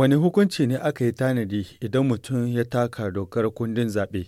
Wani hukunci ne aka yi tanadi idan mutum ya taka dokar kundin zaɓe?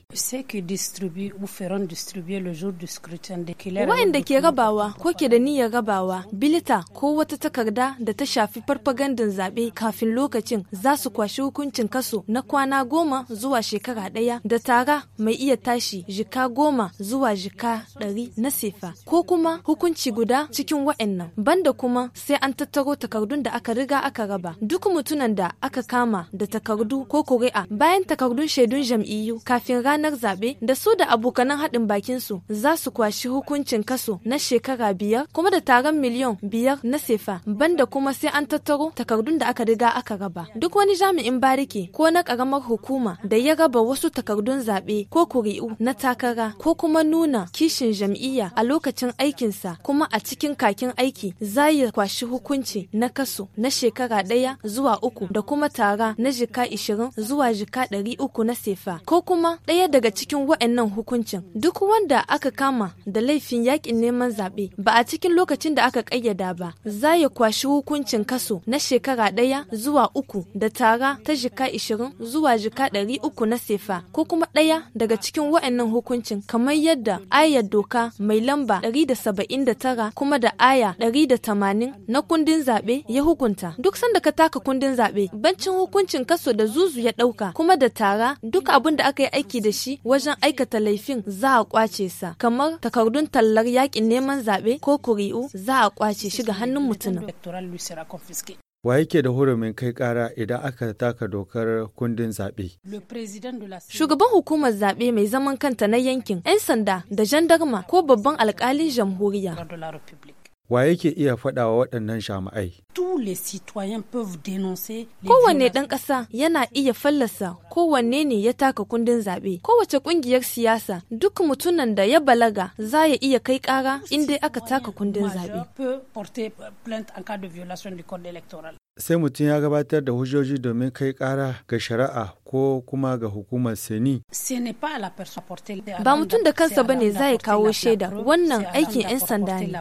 Wa'inda ke rabawa ko ke da niyyar rabawa bilita ko wata takarda da ta shafi farfagandun zaɓe kafin lokacin za su kwashi hukuncin kaso na kwana goma zuwa shekara ɗaya da tara mai iya tashi jika goma zuwa jika ɗari na sefa ko kuma hukunci guda cikin wa'annan banda kuma sai an tattaro takardun da aka riga aka raba duk mutunan da aka kama da takardu ko kuri'a bayan takardun shaidun jam'iyyu kafin ranar zaɓe da su da abokanan haɗin bakin su za su kwashi hukuncin kaso na shekara biyar kuma da taron miliyan biyar na sefa banda kuma sai an tattaro takardun da aka riga aka raba duk wani jami'in bariki ko na ƙaramar hukuma da ya raba wasu takardun zaɓe ko kuri'u na takara ko kuma nuna kishin jam'iyya a lokacin aikinsa kuma a cikin kakin aiki za ya kwashi hukunci na kaso na shekara ɗaya zuwa uku da kuma tara na jika 20 zuwa jika 300 na sefa ko kuma ɗaya daga cikin waɗannan hukuncin duk wanda aka kama da laifin yakin neman zaɓe ba a cikin lokacin da aka ƙayyada ba za ya kwashi hukuncin kaso na shekara ɗaya zuwa uku da tara ta jika 20 zuwa jika 300 na sefa ko kuma ɗaya daga cikin wa'annan hukuncin kamar yadda ayar doka mai lamba 179 kuma da aya 180 na kundin zaɓe ya hukunta duk sanda ka taka kundin zaɓe bancin hukuncin kaso da zuzu ya ɗauka kuma da tara duk abin da aka yi aiki da shi wajen aikata laifin za a kwace sa kamar takardun tallar yakin neman zaɓe ko kuri'u za a kwace shi ga hannun mutumin. Wa yake da hurumin kai kara idan aka taka dokar kundin zaɓe? Shugaban hukumar zaɓe mai zaman kanta na yankin, 'yan sanda da jandarma ko babban alƙalin jamhuriya. Wa yake iya faɗa wa waɗannan shama'ai? Kowanne ɗan ƙasa yana iya fallasa kowanne ne ya taka kundin zaɓe. Kowace ƙungiyar siyasa duk mutunan da ya balaga za ya iya kai ƙara inda aka taka kundin zaɓe. sai mutum ya gabatar da hujjoji domin kai kara ga shari'a ko kuma ga hukumar seni. Ba mutum da kansa bane za ya kawo shaida wannan aikin 'yan sanda ne.